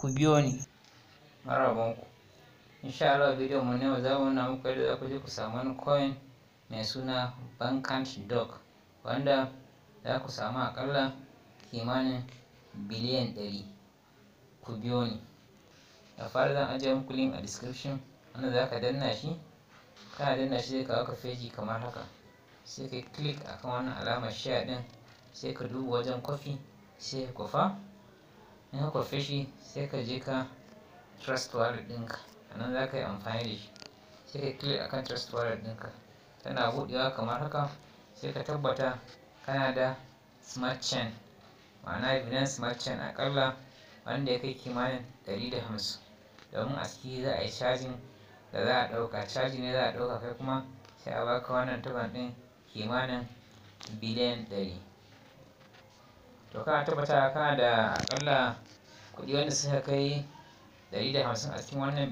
ku biyo ni marabanku insha Allah bidiyon mu ne yau za mu nuna muku yadda za ku je ku samu wani coin mai suna Bankant Dog wanda za ku samu akalla kimanin biliyan ɗari ku biyo ni da fara zan ajiye muku link a description wanda za ka danna shi kana danna shi zai kawo ka feji kamar haka sai ka yi click akan wannan alamar share din sai ka duba wajen kwafi sai ka kwafa in ka kwafe shi sai ka je ka trust wallet ɗinka a nan za ka yi amfani da shi sai ka click akan trust wallet ɗinka tana buɗewa kamar haka sai ka tabbata kana da smart chain ma'ana binan smart chain akalla wanda ya kai kimanin da hamsin domin a ciki za a yi cajin da za a ɗauka caji ne za a ɗauka kai kuma sai a baka wannan tuban ɗin kimanin biliyan ɗari. to ka tabbata ka da akalla kuɗi wanda suka kai hamsin a cikin wannan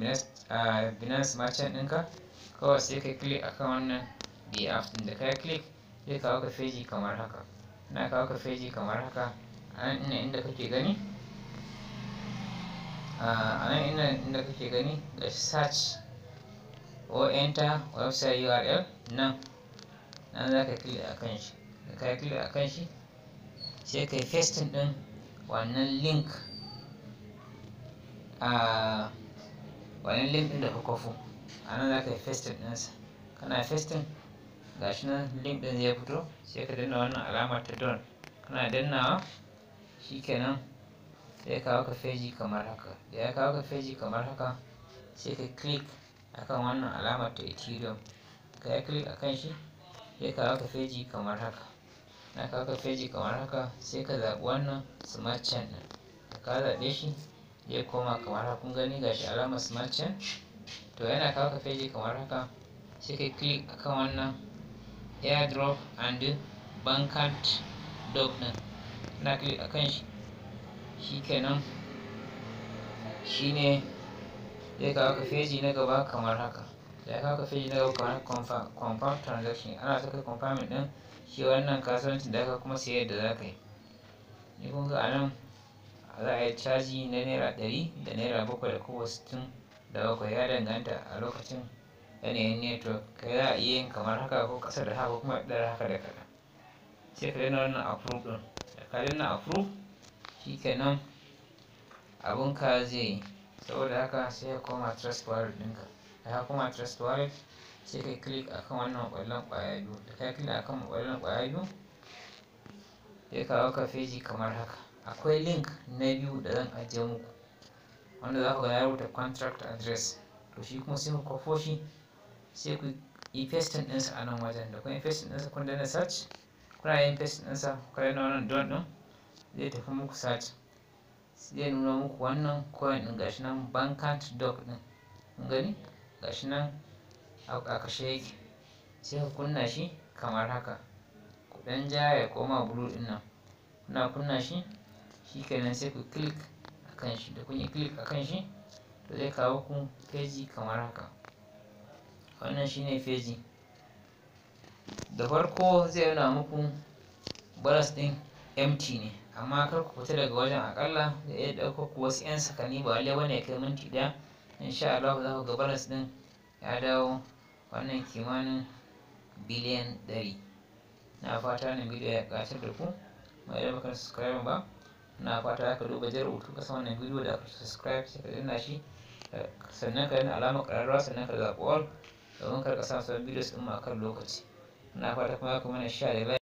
binance merchant ɗinka kawai sai ka click akan wannan da app ɗin da ka click zai kawo ka feji kamar haka na kawo ka feji kamar haka a nan ina inda kake gani a nan ina inda kake gani ga search or enter website url nan nan za ka click akan shi ka click akan shi sai ka yi festin ɗin wannan link a wannan link ɗin da ka kwafo a nan za ka yi festin ɗinsa kana festin shi nan link ɗin zai fito sai ka danna wannan alamar ta don kana dannawa shikenan sai kawo ka feji kamar haka da ya kawo ka feji kamar haka sai ka click akan wannan alamar ta ethereum ka yi click akan shi sai kawo ka feji kamar haka na kaka feji kamar haka sai ka zaɓi wannan smart chain ɗin da ka zaɓe shi zai koma kamar haka kun gani gashi alamar smart chain to yana kaka feji kamar haka sai ka click akan wannan airdrop and bankant dog ɗin na click akan shi shikenan shine zai kawo ka feji na gaba kamar haka da ya kawo sai na kamar transaction ana saka confirming din shi wannan kasuwancin da aka kuma sayar da za ka yi ni kun ga a nan za a yi caji na naira ɗari da naira bakwai da kuma sittin da bakwai ya danganta a lokacin yanayin network kai za a iya yin kamar haka ko ƙasa da haka kuma ɗara haka da kaɗan sai ka daina wannan approve ɗin da ka daina approve shi kenan ka zai yi saboda haka sai ya koma trust wallet ɗinka ka kuma trust wallet sai kai click akan wannan ƙwallon ƙwaya biyu da kai click akan ƙwallon ƙwaya biyu zai kawo ka feji kamar haka akwai link na biyu da zan ajiye muku wanda za ku ga ya rubuta contract address to shi kuma sai ku kwafo shi sai ku yi pasting ɗinsa a nan wajen da kuma yi pasting ɗinsa kun dana search kuna yin pasting ɗinsa kuka yi na wannan don ɗin zai tafi muku search zai nuna muku wannan coin ɗin gashi nan bankant doc ɗin kun gani gashi nan a kashe yake sai ka kunna shi kamar haka ku ja ya koma bulu ɗin nan kuna kunna shi shi kenan sai ku click a kan shi da kun yi click a kan shi to zai kawo ku feji kamar haka wannan shine feji da farko zai nuna muku balas ɗin empty ne amma kar ku fita daga wajen akalla da ya ɗauko ku wasu 'yan sakani ba wale wani ya kai minti ɗaya insha Allah za ku ga balas din ya dawo wannan kimanin biliyan ɗari na fata wannan bidiyo ya ƙayatar da ku mai da baka subscribe ba na fata ka duba jar rubutu ka wannan bidiyo da subscribe sai ka danna shi sannan ka yi alamar ƙararrawa sannan ka zaɓi all domin kar ka samu sabbin bidiyo su ɗin ma kan lokaci na fata kuma ya ka mana sha da